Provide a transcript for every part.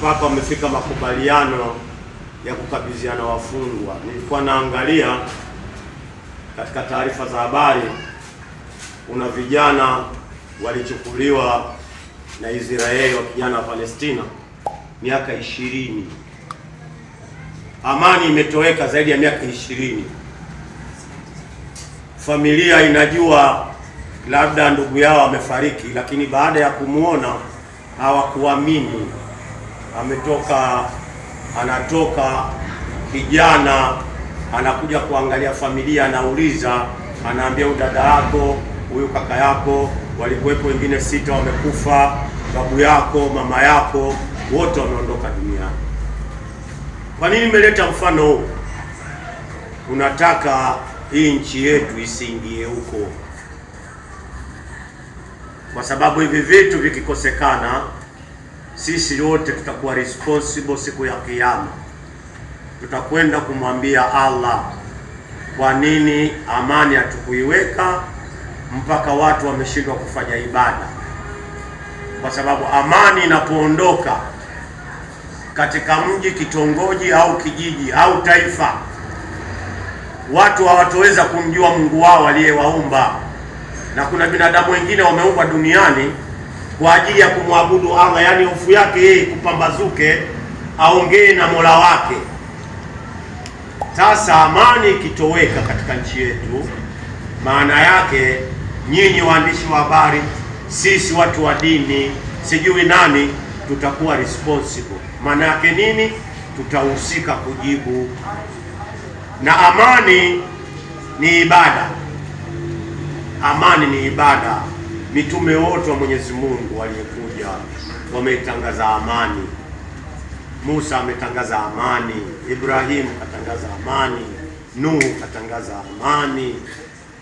mpaka wamefika makubaliano ya kukabidhiana wafungwa. Nilikuwa naangalia katika taarifa za habari, kuna vijana walichukuliwa na Israeli wa kijana wa Palestina miaka ishirini. Amani imetoweka zaidi ya miaka ishirini. Familia inajua labda ndugu yao amefariki, lakini baada ya kumwona hawakuamini ametoka anatoka kijana anakuja kuangalia familia, anauliza, anaambia huyu dada yako huyu kaka yako walikuwepo wengine sita wamekufa, babu yako mama yako wote wameondoka duniani. Kwa nini nimeleta mfano huu? Tunataka hii nchi yetu isiingie huko, kwa sababu hivi vitu vikikosekana sisi wote tutakuwa responsible siku ya Kiyama. Tutakwenda kumwambia Allah, kwa nini amani hatukuiweka mpaka watu wameshindwa kufanya ibada? Kwa sababu amani inapoondoka katika mji, kitongoji au kijiji au taifa, watu hawatoweza kumjua Mungu wao aliyewaumba, na kuna binadamu wengine wameumbwa duniani kwa ajili ya kumwabudu Allah, yaani hofu yake yeye kupambazuke, aongee na Mola wake. Sasa amani ikitoweka katika nchi yetu, maana yake nyinyi waandishi wa habari, sisi watu wa dini, sijui nani, tutakuwa responsible. Maana yake nini? Tutahusika kujibu. Na amani ni ibada, amani ni ibada mitume wote wa Mwenyezi Mungu waliokuja wametangaza amani. Musa ametangaza amani, Ibrahim katangaza amani, Nuhu katangaza amani,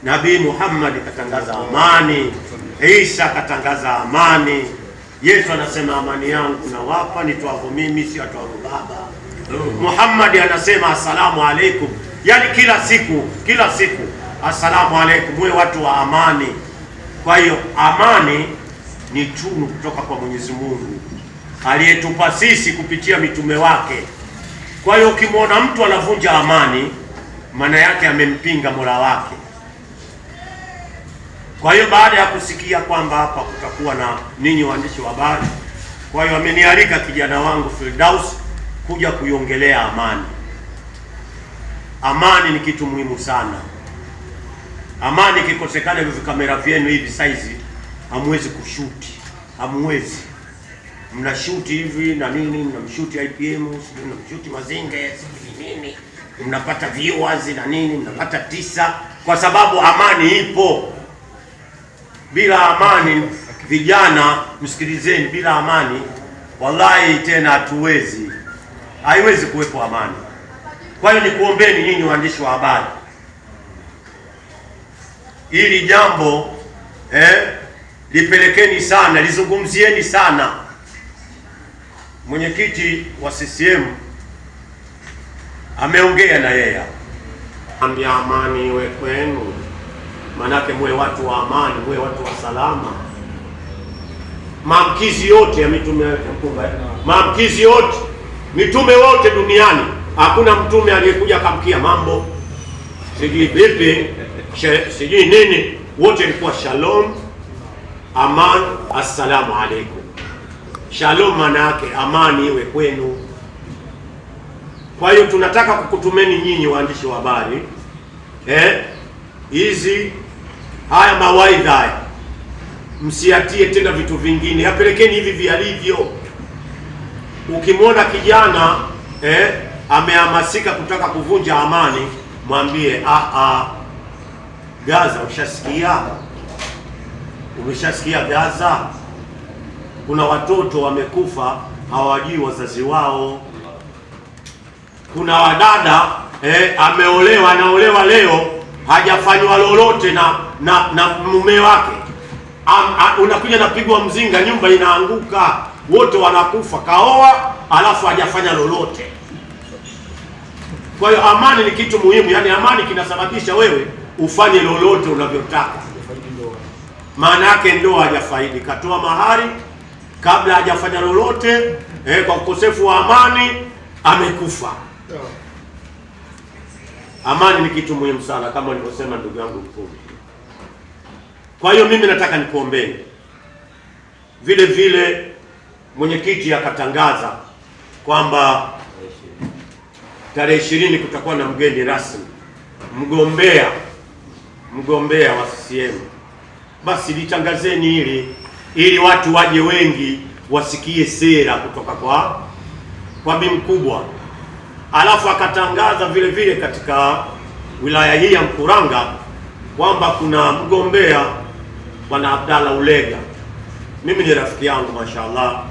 Nabii Muhammad katangaza amani, Isa katangaza amani. Yesu anasema amani yangu nawapa, nitwavo mimi si atwavo Baba. Muhammad anasema asalamu alaikum, yani kila siku kila siku asalamu alaikum, muwe watu wa amani. Kwa hiyo amani ni tunu kutoka kwa Mwenyezi Mungu aliyetupa sisi kupitia mitume wake. Kwa hiyo ukimwona mtu anavunja amani, maana yake amempinga Mola wake. Kwa hiyo baada ya kusikia kwamba hapa kutakuwa na ninyi waandishi wa habari, kwa hiyo amenialika kijana wangu Firdaus kuja kuiongelea amani. Amani ni kitu muhimu sana. Amani ikikosekana, hivi kamera vyenu hivi saizi hamwezi kushuti, hamwezi mnashuti hivi na nini, mshuti IPM, sijui mnamshuti Mazinge, sijui nini, mnapata viewers na nini, mnapata tisa, kwa sababu amani ipo. Bila amani, vijana msikilizeni, bila amani wallahi tena hatuwezi, haiwezi kuwepo amani. Kwa hiyo ni kuombeni nyinyi waandishi wa habari hili jambo eh, lipelekeni sana, lizungumzieni sana. Mwenyekiti wa CCM ameongea na yeye ambia, amani iwe kwenu, maanake muwe watu wa amani, muwe watu wa salama. Maamkizi yote ya mitume maamkizi yote mitume wote duniani, hakuna mtume aliyekuja akamkia mambo sijui vipi sijui nini, wote ilikuwa shalom, aman, assalamu alaikum. Shalom maana yake amani iwe kwenu. Kwa hiyo tunataka kukutumeni nyinyi waandishi wa habari eh, hizi haya mawaidha haya, msiatie tena vitu vingine, yapelekeni hivi vialivyo. Ukimwona kijana eh, amehamasika kutaka kuvunja amani, mwambie ah ah Gaza, ushasikia? Umeshasikia Gaza? Kuna watoto wamekufa hawajui wazazi wao. Kuna wadada eh, ameolewa anaolewa leo hajafanywa lolote na na, na mume wake, unakuja napigwa mzinga, nyumba inaanguka, wote wanakufa. Kaoa alafu hajafanya lolote. Kwa hiyo amani ni kitu muhimu, yaani amani kinasababisha wewe ufanye lolote unavyotaka. Maana yake ndoa hajafaidi, katoa mahari kabla hajafanya lolote eh, kwa ukosefu wa amani amekufa. Amani ni kitu muhimu sana, kama nilivyosema ndugu yangu Mkuu. Kwa hiyo mimi nataka nikuombee vile vile. Mwenyekiti akatangaza kwamba tarehe ishirini kutakuwa na mgeni rasmi mgombea mgombea wa CCM, basi litangazeni hili ili watu waje wengi wasikie sera kutoka kwa kwa bi mkubwa. Alafu akatangaza vile vile katika wilaya hii ya Mkuranga kwamba kuna mgombea bwana Abdalla Ulega. Mimi ni rafiki yangu, mashaallah.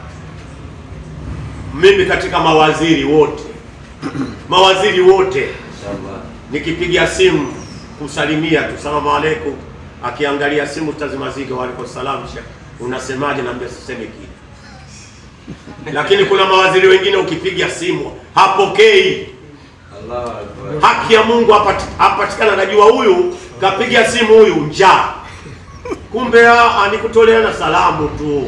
Mimi katika mawaziri wote mawaziri wote nikipiga simu kusalimia tu salamu aleikum, akiangalia simu tazimaziga waliko salamu shekh, unasemaje? Naambia siseme kitu. Lakini kuna mawaziri wengine ukipiga simu hapokei. Allah, haki ya Mungu hapatikana. Najua huyu kapiga simu huyu njaa, kumbe ah, nikutoleana salamu tu.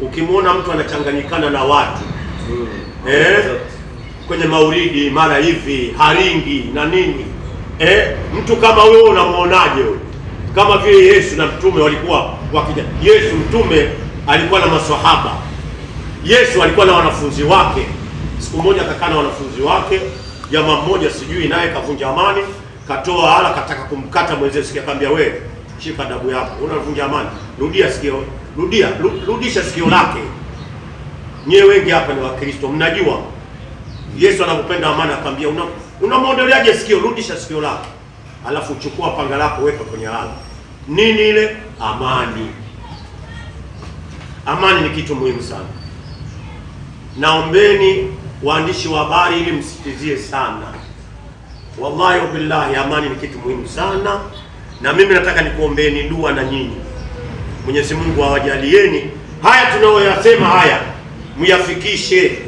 Ukimwona mtu anachanganyikana na watu hmm. eh, kwenye mauridi mara hivi haringi na nini eh, mtu kama wewe unamwonaje wewe? Kama vile Yesu na mtume walikuwa wakija. Yesu mtume alikuwa na maswahaba, Yesu alikuwa na wanafunzi wake. Siku moja akakaa na wanafunzi wake, jamaa mmoja sijui naye kavunja amani, katoa ala, kataka kumkata mwenzie, sikia, akamwambia wewe, shika adabu yako, unavunja amani, rudia sikio, rudia rudisha sikio lake. Nyewe wengi hapa ni Wakristo, mnajua Yesu anakupenda amani, akamwambia una Unamwondoleaje sikio? Rudisha sikio lako, alafu chukua panga lako, weka kwenye lalo. Nini ile amani? Amani ni kitu muhimu sana. Naombeni waandishi wa habari, ili msitizie sana, wallahi wabillahi, amani ni kitu muhimu sana, na mimi nataka nikuombeeni dua na nyinyi, Mwenyezi Mungu awajalieni haya tunayoyasema haya, muyafikishe.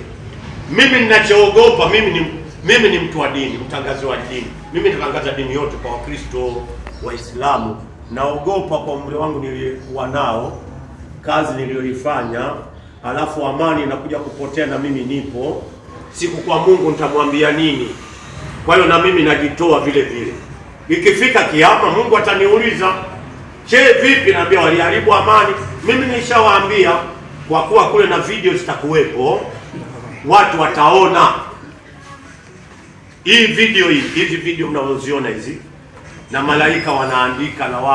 Mimi ninachoogopa mimi ni mimi ni mtu wa dini, mtangazi wa dini. Mimi natangaza dini yote kwa Wakristo, Waislamu. Naogopa kwa umri wangu niliokuwa nao, kazi niliyoifanya, alafu amani inakuja kupotea na mimi nipo siku, kwa Mungu nitamwambia nini? Kwa hiyo na mimi najitoa vile vile, ikifika kiama Mungu ataniuliza, je, vipi? Naambia waliharibu amani. Mimi nishawaambia, kwa kuwa kule na video zitakuwepo, watu wataona hii video hii, hizi video mnazoziona hizi, na malaika wanaandika na wao